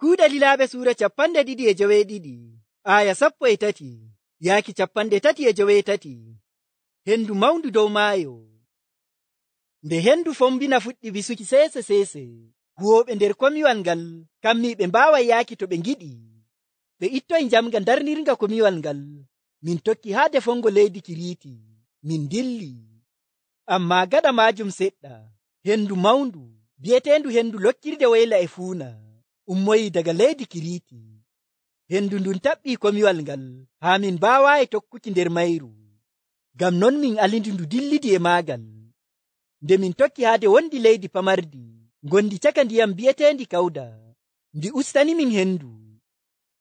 kuuɗa lilaaɓe suura capanɗe ɗiɗi e joweeɗiɗi aya sappo e tati yaaki capanɗe tati e joweetati henndu mawndu dow maayo nde henndu fombina fuɗɗi wisuki seese seese huwooɓe nder komiwal ngal kammi ɓe mbaaway yaaki to ɓe ngiɗi ɓe ittoye jamga darnirga komiwal ngal min tokki haa defongo leydi kiriiti min dilli amma gada maajum seɗɗa henndu mawndu bi'eteendu henndu lokkirde woyla e fuuna ummoyi daga leydi kiriti hendu ndun taɓɓi komiwal ngal haa min mbaawaayi tokkuki nder mayru ngam non min alindi ndu dillidi e maagal nde min tokki haade wondi leydi pamardi ngondi caka ndiyam mbi'eteendi kawda ndi ustani min hendu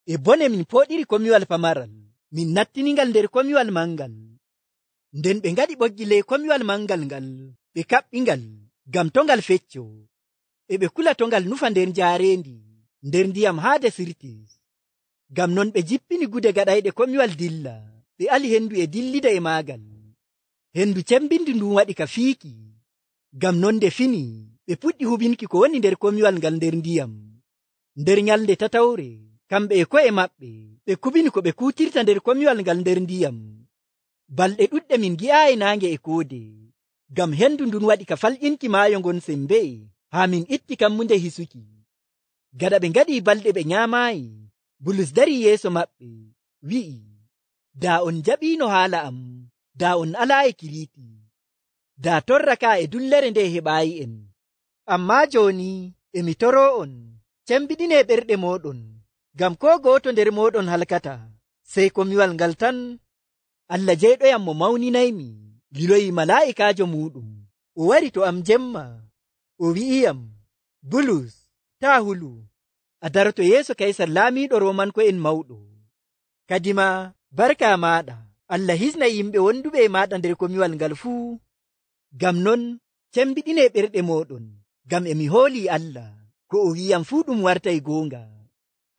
e bone min pooɗiri komiwal pamaral min nattiningal nder komiwal mangal nden ɓe ngaɗi ɓoggi ley komiwal mangal ngal ɓe kaɓɓingal ngam to ngal fecco e ɓe kula to ngal nufa nder njaareendi nder ndiyam haa defirti ngam non ɓe jippini gude gaɗayɗe komiwal dilla ɓe ali henndu e dillida e maagal henndu cembindi ndun waɗi ka fiiki ngam non nde fini ɓe puɗɗi huɓinki ko woni nder komiwal ngal nder ndiyam nder nyalnde tatawre kamɓe e ko'e maɓɓe ɓe kuɓini ko ɓe kutirta nder komiwal ngal nder ndiyam balɗe ɗuɗɗe min gi'a e naange e koode ngam henndu ndun waɗi ka falɗinki maayo ngon sembe haa min itti kammunde hisuki gaɗa ɓe ngaɗi balɗe ɓe nyamayi bulus dari yeeso maɓɓe wi'i da on jaɓino haala am da on ala e kiriti da torraka e dullere nde heɓayi en amma joni emi toro on cembiɗine ɓerɗe moɗon ngam ko goto nder moɗon halkata sei komiwal ngal tan allah jeyɗoyam mo mawninaymi liloyi mala'ikajo muɗum o wari to am jemma o wi'iyam bulus tahulu a daroto yeeso kaisar laamiɗo romanko en mawɗo kadi ma barka maɗa allah hisna yimɓe wonduɓe e maɗa nder komiwal ngal fuu gam non cembiɗine ɓerɗe moɗon gam emi hooli allah ko o wi'am fuu ɗum wartai goonga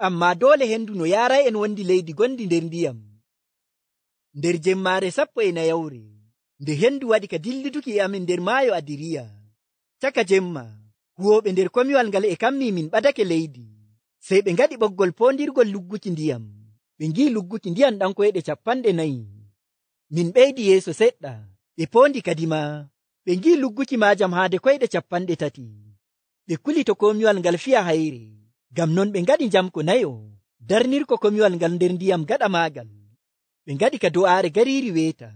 amma doole hendu no yaray en wondi leydi gondi nder ndiyam nder jemmaare sappo e nayawre nde hendu waɗi ka dillituki e amin nder maayo adiriya caka jemma huwoɓe nder komiwal ngal e kammi min ɓadake leydi sey ɓe ngaɗi ɓoggol fondirgol lugguki ndiyam ɓe ngi lugguki ndiyam ɗankoyeɗe capanɗe nayi min ɓeydi yeeso seɗɗa ɓe pondi kadi ma ɓe ngi lugguki majam haade koyɗe capanɗe tati ɓe kuli to komiwal ngal fiya hayre ngam non ɓe ngaɗi jam ko nayo darnirko komiwal ngal nder ndiyam gaɗa magal ɓe ngaɗi ka do'are gariri weeta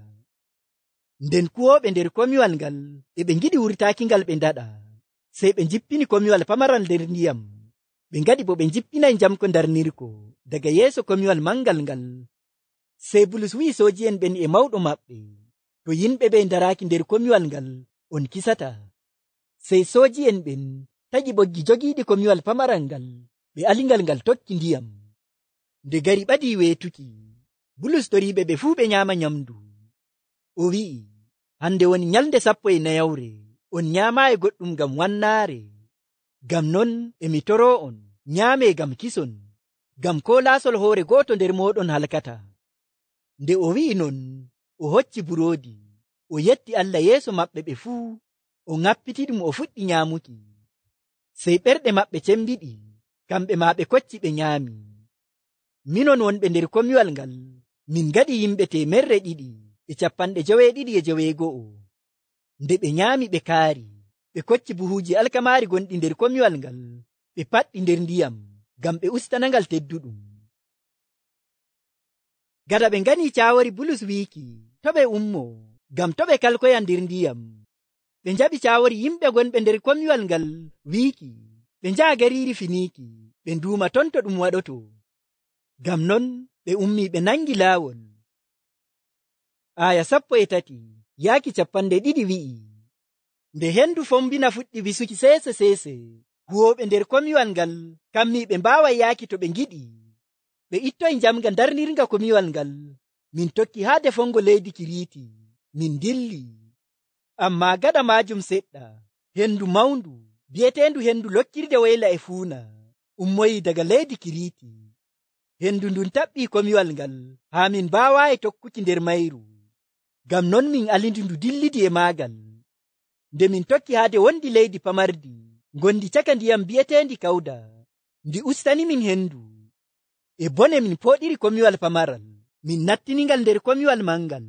nden kuwoɓe nder komiwal ngal e ɓe ngiɗi wurtaki ngal ɓe ndaɗa sei ɓe jippini komiwal pamaral nder ndiyam ɓe ngaɗi bo ɓe jippinai jamko darnirko daga yeeso komiwal mangal ngal sei bulus wi'i soji en ɓen e mawɗo maɓɓe to yimɓe ɓe daraki nder komiwal ngal on kisata sei soji en ɓen taƴi ɓoggi jogiɗi komiwal pamaral ngal ɓe aligal ngal tokki ndiyam nde gari ɓadi weetuki bulus toriɓe ɓe fuu ɓe nyama nyamdu o wi'i hande woni nyalde sappo e nayawre on nyaamaayi goɗɗum ngam wannaare ngam non emi toro on nyaame ngam kison ngam ko laasol hoore gooto nder mooɗon halkata nde o wi'i non o hocci buroodi o yetti allah yeeso maɓɓe ɓe fuu o ŋappiti ɗum o fuɗɗi nyaamuki sey ɓerɗe maɓɓe cembiɗi kamɓe maa ɓe kocci ɓe nyaami minon wonɓe nder komiwal ngal min ngaɗi yimɓe temerre ɗiɗi e capanɗe joweeɗiɗi e joweego'o nde ɓe nyaami ɓe kaari ɓe kocci buhuuji alkamaari gonɗi nder komiwal ngal ɓe paɗɗi nder ndiyam ngam ɓe ustanangal tedduɗum gada ɓe ngani caawori bulus wiiki to ɓe ummo ngam to ɓe kalkoya nder ndiyam ɓe njaɓi caawori yimɓe gonɓe nder komiwal ngal wiiki ɓe njaha gariiri finiiki ɓe nduuma ton to ɗum waɗoto ngam non ɓe ummi ɓe nangi laawol aya sappo e tati yaaki capanɗe ɗiɗi wi'i nde hendu fombina fuɗɗi wisuki sese sese huwoɓe nder komiwal ngal kammi ɓe mbawa yaaki to ɓe giɗi ɓe ittoye jamga darnirga komiwal ngal min tokki haa defongo leydi kiriiti min dilli amma gaɗa majum seɗɗa hendu mawndu bi'etendu hendu lokkirde wayla e fuuna ummoyi daga leydi kiriiti hendu ndun taɓɓi komiwal ngal haa min mbawayi e tokkuki nder mayru ngam non min alidi ndu dillidi e maagal nde min tokki haade wondi leydi pamardi ngondi caka ndiyam mbiyeteendi kawda ndi ustani min henndu e bone min fooɗiri komiwal pamaral min nattiningal nder komiwal mangal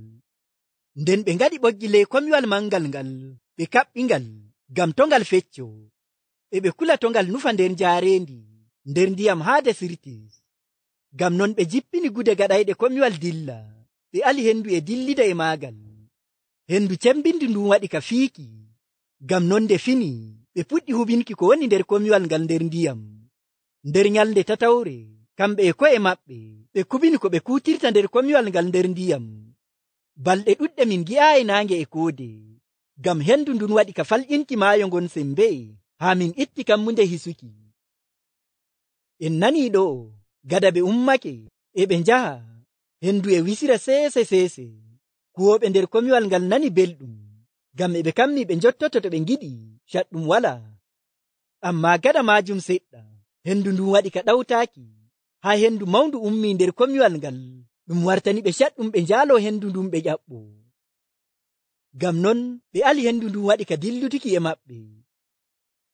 nden ɓe ngaɗi ɓoggi ley komiwal mangal ngal ɓe kaɓɓingal ngam to ngal fecco e ɓe kula to ngal nufa nder njaareendi nder ndiyam haa desirtis ngam non ɓe jippini gude gaɗayɗe komiwal dilla ɓe ali henndu e dillida e maagal henndu cembindi ndun waɗi ka fiiki ngam non nde fini ɓe puɗɗi huɓinki ko woni nder komiwal ngal nder ndiyam nder nyalnde tatawre kamɓe e ko'e maɓɓe ɓe kuɓini ko ɓe kuutirta nder komiwal ngal nder ndiyam balɗe ɗuɗɗe min ngi'a e naange e koode ngam henndu ndun waɗi ka falƴinki maayo ngon sembe haa min itti kammunde hisuki en nani ɗo gada ɓe ummake e ɓe njaha hendu e wisira sese sese kuwoɓe nder komiwal ngal nani belɗum ngam eɓe kammi ɓe jottoto to ɓe giɗi catɗum wala amma gaɗa majum seɗɗa hendu ndu waɗi ka ɗawtaaki haa hendu mawndu ummi nder komiwal ngal ɗum wartani ɓe catɗum ɓe njaalo hendu ndun ɓe ƴaɓɓo ngam non ɓe ali hendu ndun waɗi ka dillutiki e maɓɓe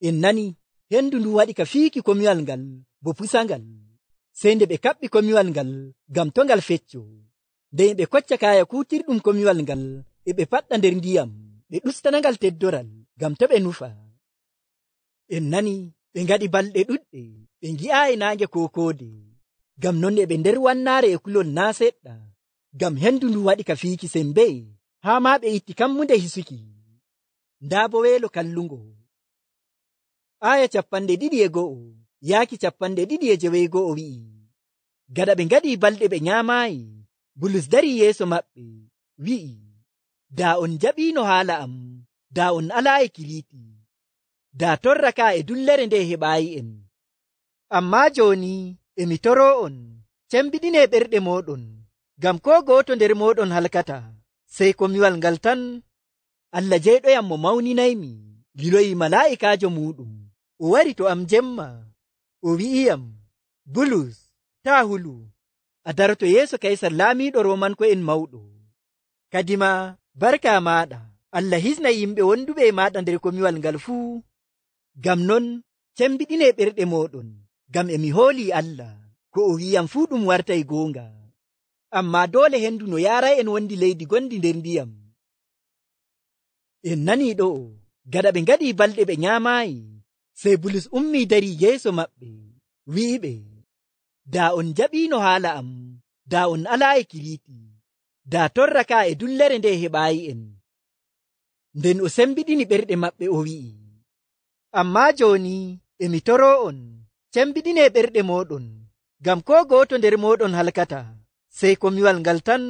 en nani hendu ndun waɗi ka fiiki komiwal ngal bo pusa ngal sei nde ɓe kaɓɓi komiwal ngal gam to ngal fecco ndey ɓe kocca kaya kutirɗum komiwal ngal e ɓe faɗɗa nder ndiyam ɓe ɗustanangal teddoral gam to ɓe nufa en nani ɓe ngaɗi balɗe ɗuɗɗe ɓe ngi'a e naange kokode gam non e ɓe nder wannaare e kulol naa seɗɗa gam hendu ndu waɗi ka fiiki sembe haa ma ɓe itti kammunde hisuki nda bo weelo kallungo aya capanɗe ɗiɗi e go'o yaaki capanɗe ɗiɗi e jeweego o wi'i gaɗa ɓe ngaɗi balɗe ɓe nyaamaayi bulus dari yeeso maɓɓe wi'i da on jaɓiino haala am da on alaa e kiliiti da torraka e dullere nde heɓaayi en ammaa jooni emi toro on cembiɗine ɓerɗe mooɗon ngam ko gooto nder mooɗon halkata sey komiwal ngal tan allah jeyɗoyam mo mawninaymi liloyi mala'ikaajo muuɗum o wari to am jemma o wi'iyam bulus tahulu a daroto yeeso kaisar laamiɗo romanko en mawɗo kadi ma barka maɗa allah hisna yimɓe wonduɓe e maɗa nder komiwal ngal fuu gam non cembiɗine ɓerɗe moɗon gam emi hooli allah ko o wi'am fuu ɗum wartay goonga amma doole hendu no yara en wondi leydi gondi nder ndiyam en nani ɗo'o gaɗa ɓe ngaɗi balɗe ɓe nyamayi sey bulus ummi dari yeeso maɓɓe wi'iɓe da on jaɓino haala am da on ala e kiriti da torraka e dullere nde heɓayi en nden o sembiɗini ɓerɗe maɓɓe o wi'i amma joni emi toro on cembiɗine ɓerɗe moɗon ngam ko goto nder moɗon halkata sey komiwal ngal tan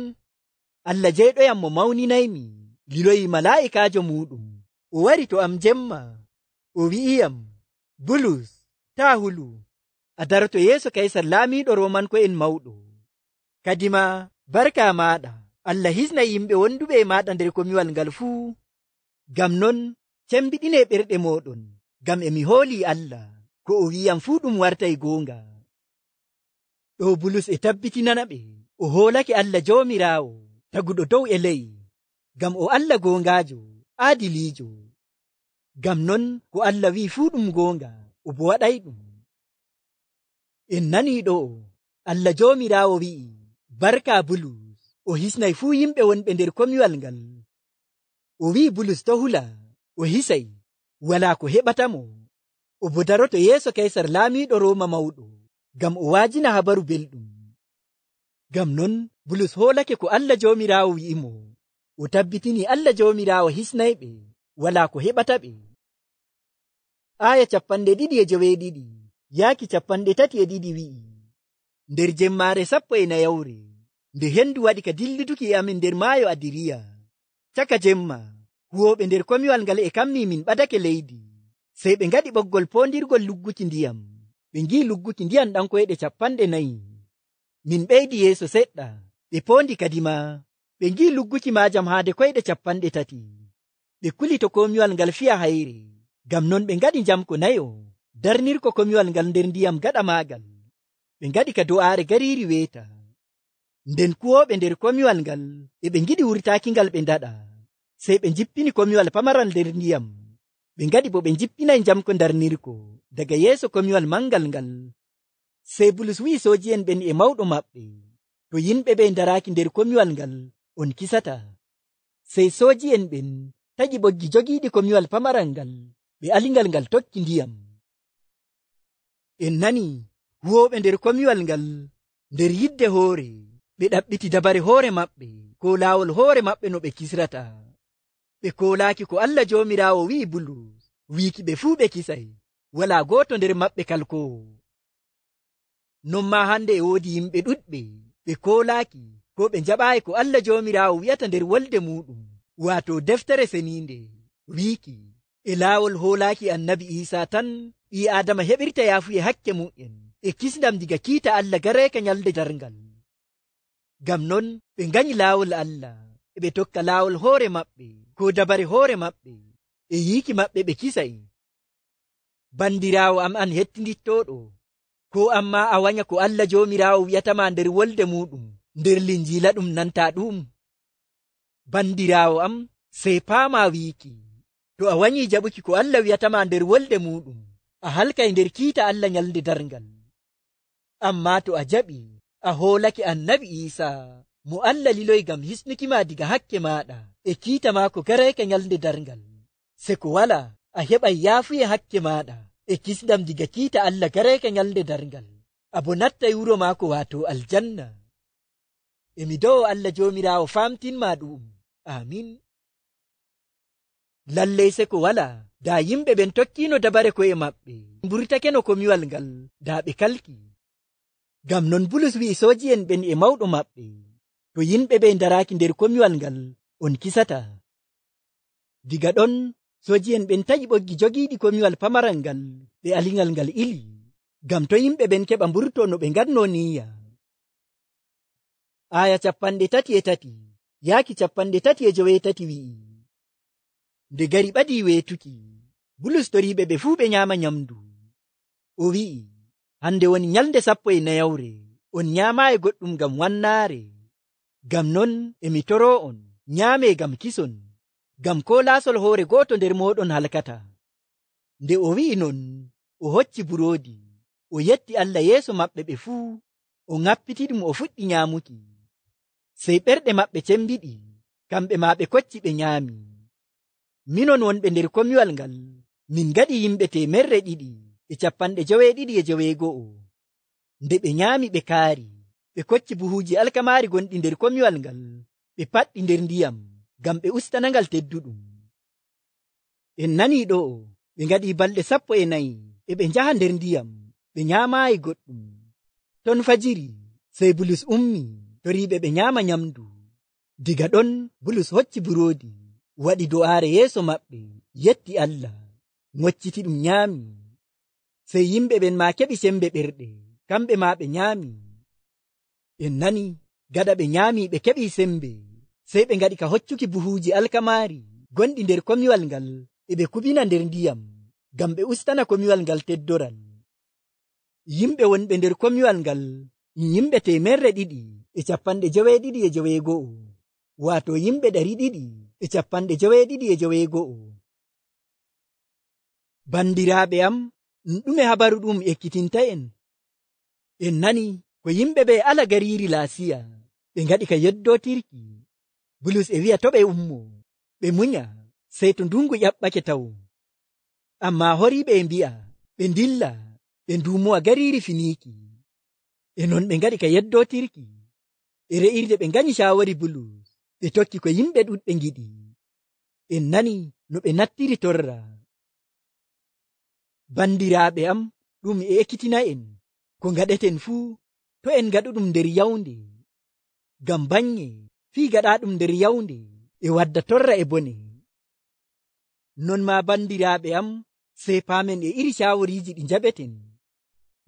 allah jeyɗoyam mo mawninaymi liloyi mala'ikajo muɗum o wari to am jemma o wi'iyam bulus tahulu adara to yeeso kaisar laamiɗo roman ko en mawɗo kadi ma barka maɗa allah hisna yimɓe wonduɓe e maɗa nder komiwal ngal fuu gam non cembiɗine ɓerɗe moɗon gam emi hooli allah ko o wi'yam fuu ɗum warta e goonga ɗo bulus e tabbitinana ɓe o hoolake allah jawmirawo taguɗo dow e ley gam o allah goongajo aadilijo gam non ko allah wi fuu ɗum gonga o bo waɗai ɗum en nani ɗo allah jomirawo wi'i barka bulus o hisnai fuu yimɓe wonɓe nder komiwal ngal o wi'i bulus to hula o hisai wala ko heɓatamo o bo daroto yeeso kaisar laamiɗo roma mawɗo gam o wajina habaru belɗum gam non bulus hoolake ko allah jomirawo wi'imo o tabbitini allah jomirawo hisnayɓe wala ko heɓata ɓe aya capanɗe ɗiɗi e joweeɗiɗi yaaki capanɗe tati e ɗiɗi wi'i nder jemmaare sappo e nayawre nde henndu waɗi ka dillituki amin nder maayo adiriya caka jemma huwoɓe nder komiwal ngal e kammi min ɓadake leydi sey ɓe ngaɗi ɓoggol poondirgol lugguki ndiyam ɓe ngi lugguki ndiyam ɗankoyɗe capanɗe nayi min ɓeydi yeeso seɗɗa ɓe poondi kadi ma ɓe ngi lugguki maajam haade koyɗe capanɗe tati ɓe kulito komiwal ngal fiya hayri gam non ɓe ngaɗi jam ko nayo darnirko komiwal ngal nder ndiyam gaɗa magal ɓe ngaɗi ka do'are gariri weta nden kuwoɓe nder komiwal ngal e ɓe giɗi wurtaki ngal ɓe ndaɗa sei ɓe jippini komiwal pamaral nder ndiyam ɓe ngaɗi bo ɓe jippinai jam ko darnirko daga yeeso komiwal mangal ngal sei bulus wi'i soji en ɓen e mawɗo maɓɓe to yimɓe ɓe daraki nder komiwal ngal on kisata sei soji en ɓen taƴi ɓoggi jogiiɗi komiwal pamaral ngal ɓe aligal ngal tokki ndiyam en nani huwoɓe nder komiwal ngal nder yidde hoore ɓe ɗaɓɓiti dabare hoore maɓɓe ko laawol hoore maɓɓe no ɓe kisrata ɓe koolaaki ko allah joomiraawo wi'i bulus wiiki ɓe fuu ɓe kisay walaa gooto nder maɓɓe kalkowo non ma hannde e woodi yimɓe ɗuɗɓe ɓe koolaaki ko ɓe njaɓaayi ko allah joomiraawo wi'ata nder wolde muuɗum wato deftere seninde wiki e lawol holaki annabi isa tan ɓi adama heɓirta yafu e hakke mu'en e kisdam diga kiita allah gareka nyalde darngal gam non ɓe ganyi lawol allah eɓe tokka lawol hoore maɓɓe ko dabare hoore maɓɓe e yiki maɓɓe ɓe kisa'e bandirawo am an hettidittoɗo ko amma a wanya ko allah jomirawo wi'atama nder wolde muɗum nder linjila ɗum nanta ɗum bandirawo am sey pama wiki to a wanyi jaɓuki ko allah wi'atama nder wolde muɗum a halkay nder kiita allah nyalde darngal amma to a jaɓi a hoolake annabi isa mo allah liloy gam hisnukima diga hakke maɗa e kiita mako gareka nyalde darngal se ko wala a heɓay yaafuye hakke maɗa e kisɗam diga kiita allah gareka nyalde darngal abo natta wuro mako wato aljanna emi dowo allah jomirawo famtinma ɗum amin lallei se ko wala da yimɓe ɓen tokkino dabare ko'e maɓɓe mburtake no komiwal ngal da ɓe kalki gam non bulus wi'i soji en ɓen e mawɗo maɓɓe to yimɓe ɓe daraki nder komiwal ngal on kisata diga ɗon soji en ɓen taƴi ɓoggi jogiɗi komiwal pamaral ngal ɓe aligal ngal ili gam to yimɓe ɓen keɓa mburto no ɓe gatno niya aya capanɗe tati e tati yaaki capanɗe tati e joweetati wi'i nde gari ɓadi weetuki bulus toriiɓe ɓe fuu ɓe nyaama nyamdu o wi'i hannde woni nyalnde sappo e nayawre on nyaamaayi e goɗɗum ngam wannaare ngam non emi toro on nyaame ngam kison ngam ko laasol hoore gooto nder mooɗon halkata nde o wi'i non o hocci buroodi o yetti allah yeeso maɓɓe ɓe fuu o ŋappiti ɗum o fuɗɗi nyaamuki sey ɓerɗe maɓɓe cembiɗi kamɓe ma ɓe kocci ɓe nyaami minon wonɓe nder komiwal ngal min gaɗi yimɓe temerre ɗiɗi e capanɗe joweeɗiɗi e joweego'o nde ɓe nyaami ɓe kaari ɓe kocci buhuuji alkamaari gonɗi nder komiwal ngal ɓe paɗɗi nder ndiyam ngam ɓe ustanangal tedduɗum en nani ɗo'o ɓe ngaɗi balɗe sappo e nayi e ɓe njaha nder ndiyam ɓe nyaamaayi goɗɗum ton fajiri sey bulus ummii toriɓe ɓe nyama nyamdu diga ɗon bulus hocci buroodi waɗi do'aare yeeso maɓɓe yetti allah ngocciti ɗum nyaami sey yimɓe ɓen ma keɓi sembe ɓerɗe kamɓe ma ɓe nyaami ɓen nani gada ɓe nyaami ɓe keɓi sembe sey ɓe ngaɗi ka hoccuki buhuuji alkamaari gonɗi nder komiwal ngal eɓe kuɓina nder ndiyam ngam ɓe ustana komiwal ngal teddoral yimɓe wonɓe nder komiwal ngal yimɓe temerre ɗiɗi e capanɗe joweeɗiɗi e joweego'o waato yimɓe ɗari ɗiɗi e capanɗe joweeɗiɗi e joweego'o banndiraaɓe am n ɗume habaru ɗum ekkitinta en en nani ko yimɓe ɓe alagariiri laasiya ɓe ngaɗi ka yeddootirki bulus e wi'a to ɓe ummo ɓe munya sey to ndungu ƴaɓɓake taw ammaa horiiɓe e mbi'a ɓe ndilla ɓe ndumowa gariiri finiiki e non ɓe ngaɗi ka yeddotirki e re'irde ɓe ngañi shawari bulus ɓe tokki ko yimɓe ɗuɗɓe ngiɗi ɓe nani no ɓe nattiri torra bandiraɓe am ɗum e ekkitina en ko ngaɗeten fuu to en ngaɗu ɗum nder yawnde ngam bange fii gaɗa ɗum nder yawnde e wadda torra e bone non ma bandiraɓe am sey pamen e iri shawariji ɗi njaɓeten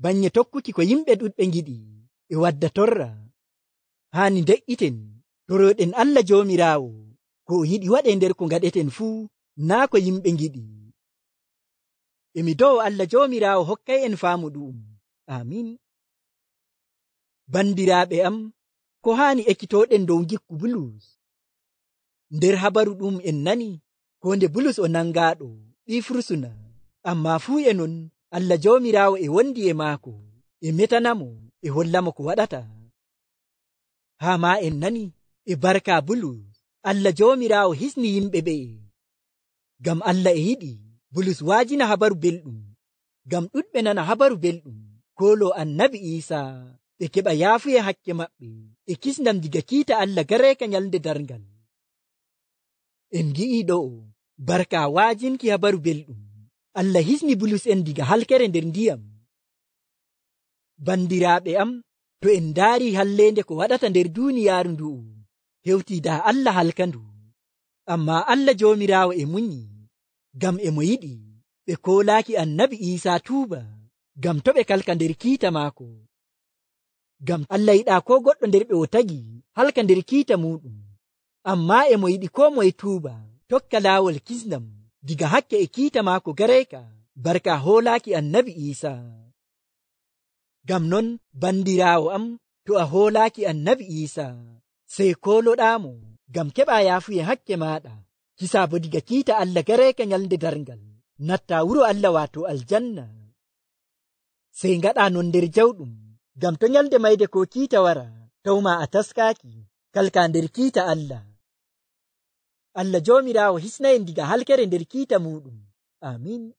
banye tokkuki ko yimɓe ɗuɗɓe giɗi e wadda torra haani de'iten toroɗen allah jomirawo ko o yiɗi waɗe nder ko gaɗeten fuu naa ko yimɓe giɗi emi dow allah jomirawo hokkay en faamu ɗum amin bandiraɓe am ko haani ekkitoɗen dow gikku bulus nder habaru ɗum en nani ko nde bulus o nangaɗo ɗi fursuna amma fuu e non allah jawmirawo e wondi e maako e metanamo e hollamo ko waɗata haa ma en nani e barka bulus allah jawmirawo hisni yimɓe ɓe gam allah e yiɗi bulus waajina habaru belɗum gam ɗuɗɓe nana habaru belɗum koolo annabi isa ɓe keɓa yaafuye e hakke maɓɓe e kisnam diga kiita allah gareeka nyalde darngal en gi'i ɗo barka waajinki habaru belɗum allah hisni bulus en diga halkere nder ndiyam bandiraɓe am to en ndaari hallende ko waɗata nder duniyaaru ndu'u hewti da allah halkandu amma allah joomirawo e munyi gam emo yiɗi ɓe koolaaki annabi isa tuuba gam to ɓe kalka nder kiita maako gam allah yiɗa ko goɗɗo nder ɓe o tagi halka nder kiita muɗum amma emo yiɗi ko moye tuuba tokka laawol kisnam diga hakke e kiita maako gareeka barka hoolaaki annabi iisa ngam non banndiraawo am to a hoolaaki annabi iisa sey koolodaamo ngam keɓa yaafuye hakke maaɗa kisaabo diga kiita allah gareeka nyalnde darngal natta wuro allah waato aljanna sey ngaɗa non nder jawɗum ngam to nyalde mayde ko kiita wara tawma a taskaaki kalka nder kiita allah allah jomirawo hisnayen diga halkere nder kiita muɗum amin